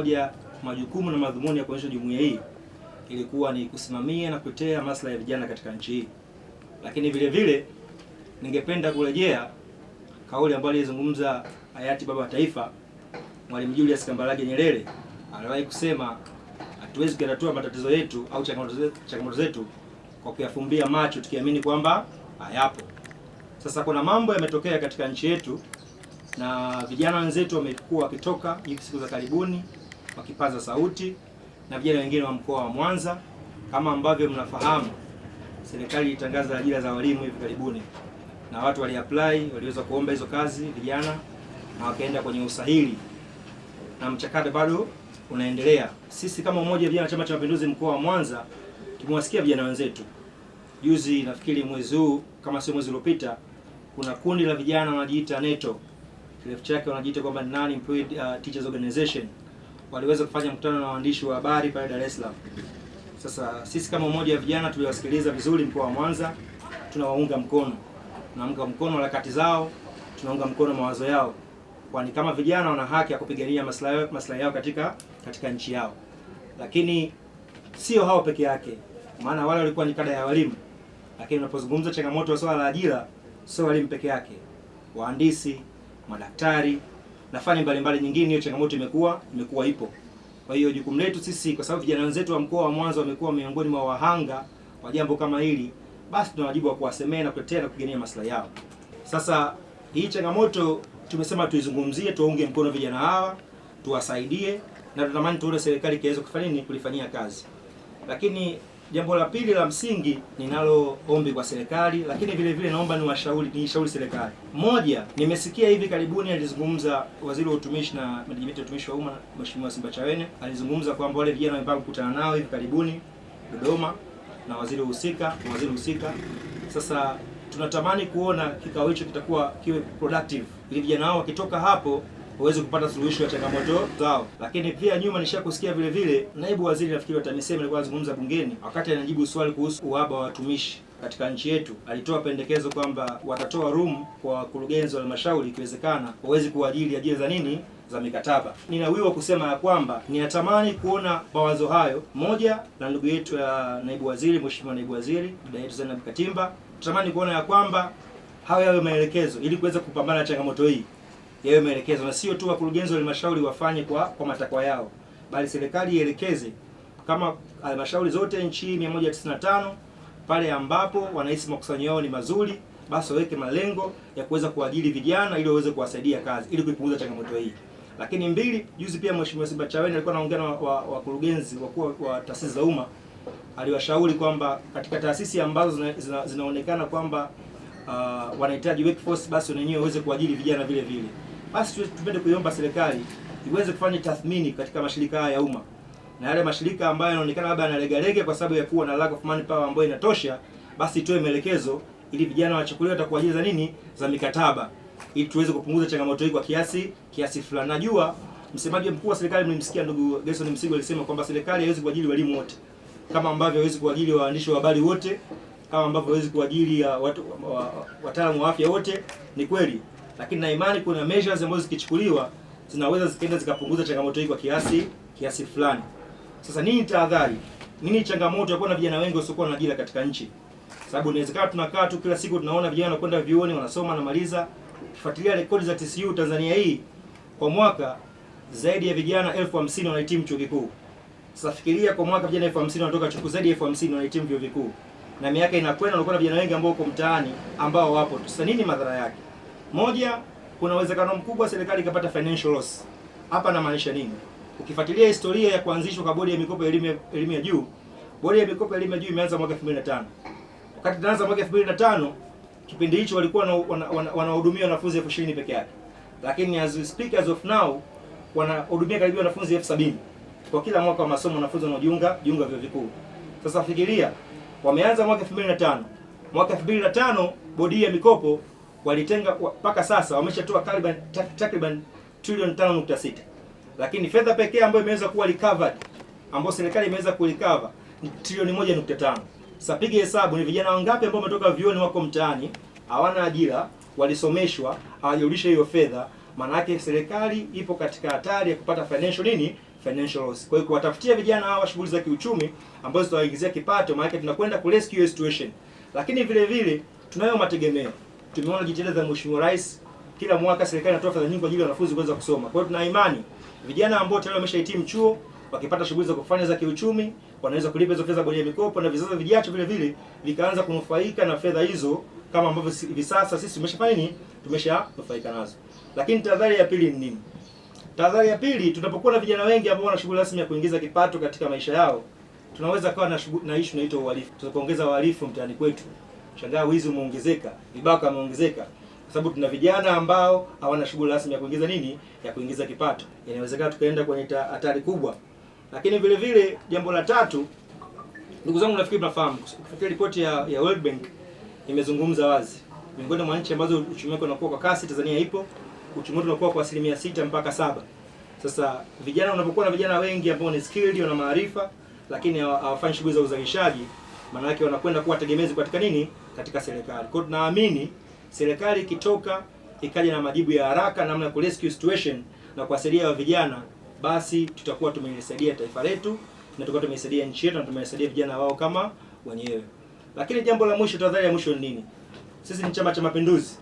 moja majukumu na madhumuni ya kuanzisha jumuiya hii ilikuwa ni kusimamia na kutetea maslahi ya vijana katika nchi hii, lakini vile vile ningependa kurejea kauli ambayo alizungumza hayati baba wa taifa Mwalimu Julius Kambarage Nyerere. Aliwahi kusema hatuwezi kutatua matatizo yetu au changamoto zetu kwa kuyafumbia macho tukiamini kwamba hayapo. Sasa kuna mambo yametokea katika nchi yetu na vijana wenzetu wamekuwa wakitoka hivi siku za karibuni wa kipaza sauti na vijana wengine wa mkoa wa Mwanza. Kama ambavyo mnafahamu, serikali ilitangaza ajira za walimu hivi karibuni, na watu waliapply, waliweza kuomba hizo kazi vijana, na wakaenda kwenye usahili na mchakato bado unaendelea. Sisi kama umoja vijana Chama cha Mapinduzi mkoa wa Mwanza tumewasikia vijana wenzetu juzi, nafikiri mwezi huu kama sio mwezi uliopita, kuna kundi la vijana wanajiita NETO, kirefu chake wanajiita kwamba employed uh, Teachers Organization waliweza kufanya mkutano na waandishi wa habari pale Dar es Salaam. Sasa sisi kama umoja wa vijana tuliwasikiliza vizuri mkoa wa Mwanza, tunawaunga mkono, tunaunga mkono harakati zao, tunaunga mkono mawazo yao, kwani kama vijana wana haki ya kupigania maslahi maslahi yao katika katika nchi yao. Lakini sio hao peke yake, maana wale walikuwa ni kada ya walimu, lakini unapozungumza changamoto ya swala la ajira, sio walimu peke yake, wahandisi, madaktari na fani mbalimbali nyingine, hiyo changamoto imekuwa imekuwa ipo. Kwa hiyo jukumu letu sisi, kwa sababu vijana wenzetu wa mkoa wa Mwanza wamekuwa miongoni mwa wahanga wa jambo kama hili, basi tuna wajibu wa kuwasemea na kutetea na kupigania maslahi yao. Sasa hii changamoto tumesema tuizungumzie, tuwaunge mkono vijana hawa, tuwasaidie, na tunatamani tuone serikali ikiweza kufanya nini kulifanyia kazi, lakini Jambo la pili la msingi ninalo ombi kwa serikali, lakini vile vile naomba niwashauri niishauri serikali. Moja, nimesikia hivi karibuni alizungumza waziri wa utumishi na menejimenti ya utumishi wa umma Mheshimiwa Simbachawene alizungumza kwamba wale vijana wamepanga kukutana nao hivi karibuni Dodoma na waziri husika waziri husika. Sasa tunatamani kuona kikao hicho kitakuwa kiwe productive ili vijana hao wakitoka hapo waweze kupata suluhisho ya changamoto zao. Lakini pia nyuma nishakusikia vile vile naibu waziri nafikiri wa TAMISEMI alikuwa anazungumza bungeni wakati anajibu swali kuhusu uhaba wa watumishi katika nchi yetu alitoa pendekezo kwamba watatoa room kwa wakurugenzi wa halmashauri ikiwezekana waweze kuajiri ajira za nini za mikataba. Ninawiwa kusema ya kwamba ninatamani kuona mawazo hayo moja na ndugu yetu ya naibu waziri, mheshimiwa naibu waziri dada yetu Zainab Katimba, natamani kuona ya kwamba hayo yawe maelekezo ili kuweza kupambana na changamoto hii yawe maelekezo, na sio tu wakurugenzi wa halmashauri wafanye kwa, kwa matakwa yao, bali serikali ielekeze kama halmashauri zote nchi 195 pale ambapo wanahisi makusanyo yao ni mazuri, basi waweke malengo ya kuweza kuajiri vijana ili waweze kuwasaidia kazi ili kuipunguza changamoto hii. Lakini mbili, juzi pia Mheshimiwa Simba Chaweni alikuwa anaongea na wakurugenzi wa, wa wa taasisi za umma, aliwashauri kwamba katika taasisi ambazo zina, zina, zinaonekana kwamba uh, wanahitaji workforce basi wenyewe waweze kuajiri vijana vile vile basi tupende kuiomba serikali iweze kufanya tathmini katika mashirika haya ya umma na yale mashirika ambayo yanaonekana labda yanalegalega kwa sababu ya kuwa na lack of manpower ambayo inatosha, basi itoe maelekezo ili vijana wachukuliwe watakuwa ajira za nini za mikataba, ili tuweze kupunguza changamoto hii kwa kiasi kiasi fulani. Najua msemaji mkuu wa serikali mlimsikia ndugu Gerson Msigwa alisema kwamba serikali haiwezi kuajiri walimu wote, kama ambavyo haiwezi kuajiri waandishi wa habari wote, kama ambavyo haiwezi kuajiri uh, wataalamu wa afya wote. Ni kweli lakini na imani kuna measures ambazo zikichukuliwa zinaweza zikaenda zikapunguza changamoto hii kwa kiasi kiasi fulani. Sasa nini tahadhari? Nini changamoto ya kuwa na vijana wengi wasiokuwa na ajira katika nchi? Sababu inawezekana tunakaa tu kila siku tunaona vijana wanakwenda vyuoni wanasoma na maliza. Ukifuatilia rekodi za TCU Tanzania hii kwa mwaka zaidi ya vijana elfu hamsini wanahitimu chuo kikuu. Sasa fikiria kwa mwaka vijana elfu hamsini wanatoka chuo zaidi ya elfu hamsini wanahitimu vyuo vikuu. Na miaka inakwenda unakuwa na vijana wengi ambao wako mtaani ambao wapo. Sasa nini madhara yake? Moja, kuna uwezekano mkubwa serikali ikapata financial loss. Hapa namaanisha nini? Ukifuatilia historia ya kuanzishwa kwa bodi ya mikopo elimu elimu ya juu, bodi ya mikopo elimu ya juu imeanza mwaka 2005. Wakati inaanza mwaka 2005, kipindi hicho walikuwa na, wanahudumia wana, wana wanafunzi 20,000 peke yake, lakini as we speak, as of now wanahudumia karibu wanafunzi 70,000 kwa kila mwaka wa masomo, wanafunzi wanaojiunga jiunga vyuo vikuu. Sasa fikiria, wameanza mwaka 2005. Mwaka 2005 bodi ya mikopo walitenga mpaka sasa wameshatoa takriban takriban trilioni 5.6, lakini fedha pekee ambayo imeweza kuwa recovered ambayo serikali imeweza kurecover ni trilioni 1.5. Sasa piga hesabu, ni vijana wangapi ambao wametoka vioni wako mtaani hawana ajira, walisomeshwa hawajarudisha hiyo fedha? Maana yake serikali ipo katika hatari ya kupata financial nini, financial loss. Kwa hiyo kuwatafutia vijana hawa shughuli za kiuchumi ambazo zitawaingizia kipato, maana yake tunakwenda ku rescue situation, lakini vile vile tunayo mategemeo tumeona jitihada za Mheshimiwa Rais, kila mwaka serikali inatoa fedha nyingi kwa ajili ya wanafunzi kuweza kusoma. Kwa hiyo tuna imani vijana ambao tayari wameshahitimu chuo wakipata shughuli za kufanya za kiuchumi wanaweza kulipa hizo fedha kwenye mikopo na vizazi vijacho vile vile vikaanza kunufaika na fedha hizo kama ambavyo hivi sasa sisi tumeshafanya nini, tumeshanufaika nazo. Lakini tahadhari ya pili ni nini? Tahadhari ya pili, tunapokuwa na vijana wengi ambao wana shughuli rasmi ya kuingiza kipato katika maisha yao, tunaweza kuwa na, na issue inaitwa uhalifu. Tunapoongeza uhalifu mtaani kwetu mshangaa wizi umeongezeka, vibaka ameongezeka, kwa sababu tuna vijana ambao hawana shughuli rasmi ya kuingiza nini, ya kuingiza kipato. Inawezekana tukaenda kwenye hatari kubwa. Lakini vile vile jambo la tatu, ndugu zangu, nafikiri mnafahamu, kufikia ripoti ya, ya World Bank imezungumza wazi, miongoni mwa nchi ambazo uchumi wake unakuwa kwa kasi, Tanzania ipo, uchumi wetu unakuwa kwa asilimia sita mpaka saba. Sasa vijana, unapokuwa na vijana wengi ambao ni skilled, wana maarifa, lakini hawafanyi shughuli za uzalishaji maana yake wanakwenda kuwa tegemezi katika nini, katika serikali. Kwa hiyo tunaamini serikali ikitoka ikaja na majibu ya haraka, namna ya kurescue situation na kuwasaidia wa vijana, basi tutakuwa tumeisaidia taifa letu na tutakuwa tumeisaidia nchi yetu na tumeisaidia vijana wao kama wenyewe. Lakini jambo la mwisho, tahadhari ya mwisho ni nini? Sisi ni Chama cha Mapinduzi,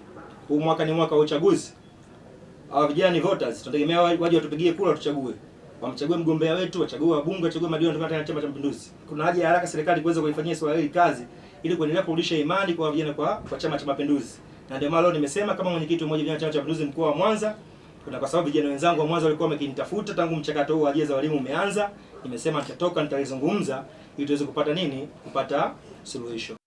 huu mwaka ni mwaka wa uchaguzi. Hawa vijana ni voters, tunategemea waje watupigie kura, tuchague wamchague mgombea wetu, wachague wabunge, wachague madiwani kutoka Chama cha Mapinduzi. Kuna haja ya haraka serikali kuweza kuifanyia swala hili kazi ili kuendelea kurudisha imani kwa vijana kwa, kwa Chama cha Mapinduzi. Na ndio maana leo nimesema kama mwenyekiti mmoja wa Chama cha Mapinduzi mkoa wa Mwanza, kuna kwa sababu vijana wenzangu wa Mwanza walikuwa wamekinitafuta tangu mchakato huu wa ajira za walimu umeanza, nimesema nitatoka nitalizungumza ili tuweze kupata nini? Kupata suluhisho.